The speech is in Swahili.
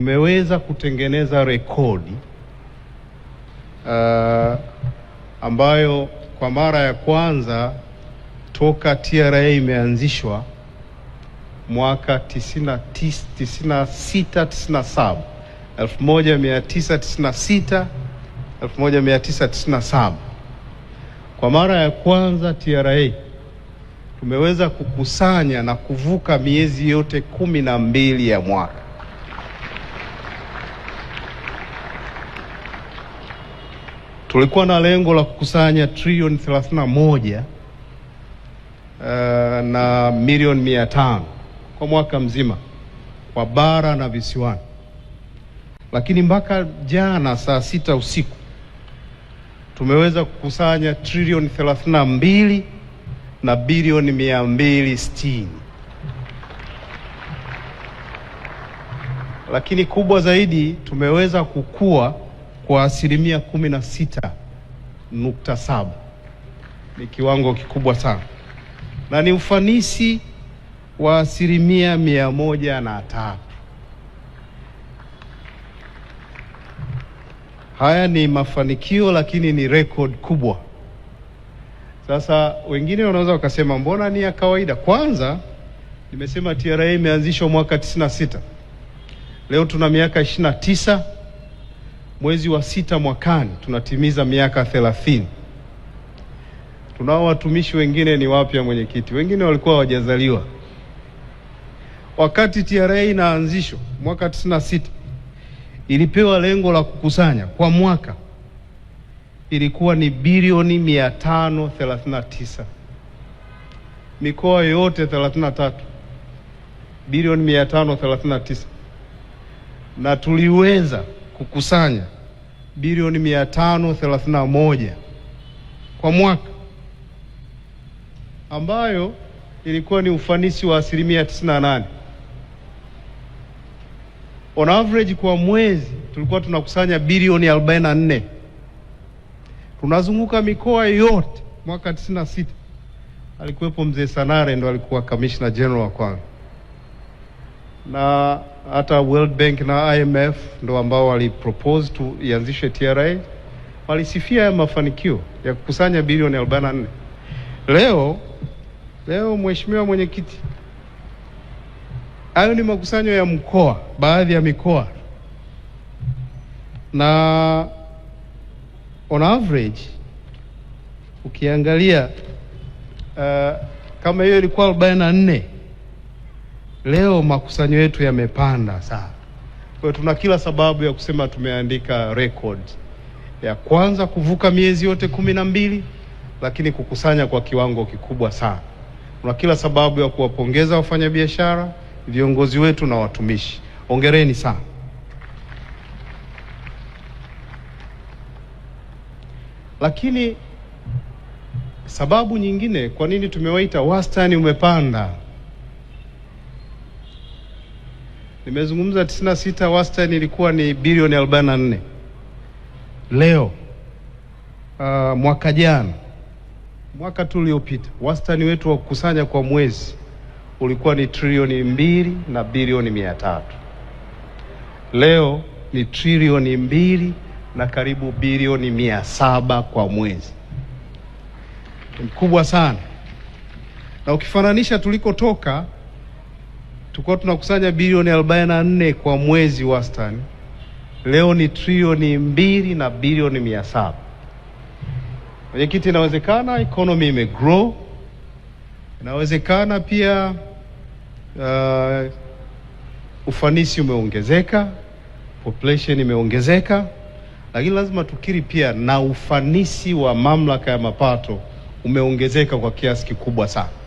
tumeweza kutengeneza rekodi uh, ambayo kwa mara ya kwanza toka TRA imeanzishwa mwaka 96 1996 1997, kwa mara ya kwanza TRA tumeweza kukusanya na kuvuka miezi yote kumi na mbili ya mwaka. Tulikuwa na lengo la kukusanya trilioni 31 uh, eh, na milioni mia tano kwa mwaka mzima kwa bara na visiwani, lakini mpaka jana saa sita usiku tumeweza kukusanya trilioni 32 na bilioni 260. Lakini kubwa zaidi tumeweza kukua kwa asilimia kumi na sita nukta saba ni kiwango kikubwa sana na ni ufanisi wa asilimia mia moja na tatu. Haya ni mafanikio, lakini ni rekodi kubwa. Sasa wengine wanaweza wakasema mbona ni ya kawaida? Kwanza nimesema TRA imeanzishwa mwaka 96 leo tuna miaka tisa mwezi wa sita mwakani tunatimiza miaka thelathini. Tunao watumishi wengine ni wapya mwenyekiti, wengine walikuwa hawajazaliwa wakati TRA inaanzishwa mwaka 96 ilipewa lengo la kukusanya kwa mwaka ilikuwa ni bilioni 539, mikoa yote 33, bilioni 539 na tuliweza kukusanya bilioni 531 kwa mwaka ambayo ilikuwa ni ufanisi wa asilimia 98. On average kwa mwezi tulikuwa tunakusanya bilioni 44. Tunazunguka mikoa yote. Mwaka 96 alikuwepo mzee Sanare, ndo alikuwa commissioner general wa kwanza na hata World Bank na IMF ndo ambao walipropose tu ianzishe TRA walisifia ya mafanikio ya kukusanya bilioni 44. Leo leo, mheshimiwa mwenyekiti, hayo ni makusanyo ya mkoa, baadhi ya mikoa, na on average ukiangalia uh, kama hiyo ilikuwa 44 Leo makusanyo yetu yamepanda sana, kwa hiyo tuna kila sababu ya kusema tumeandika record ya kwanza kuvuka miezi yote kumi na mbili, lakini kukusanya kwa kiwango kikubwa sana. Tuna kila sababu ya kuwapongeza wafanyabiashara, viongozi wetu na watumishi, ongereni sana. Lakini sababu nyingine kwa nini tumewaita wastani umepanda Nimezungumza 96 wastani ilikuwa ni bilioni 44. Leo uh, mwaka jana mwaka tu uliopita wastani wetu wa kukusanya kwa mwezi ulikuwa ni trilioni mbili na bilioni mia tatu. Leo ni trilioni mbili na karibu bilioni mia saba kwa mwezi, mkubwa sana, na ukifananisha tulikotoka tulikuwa tunakusanya bilioni 44 kwa mwezi wastani, leo ni trilioni mbili na bilioni mia saba. Mwenyekiti, inawezekana economy imegrow, inawezekana pia uh, ufanisi umeongezeka, population imeongezeka, lakini lazima tukiri pia na ufanisi wa mamlaka ya mapato umeongezeka kwa kiasi kikubwa sana.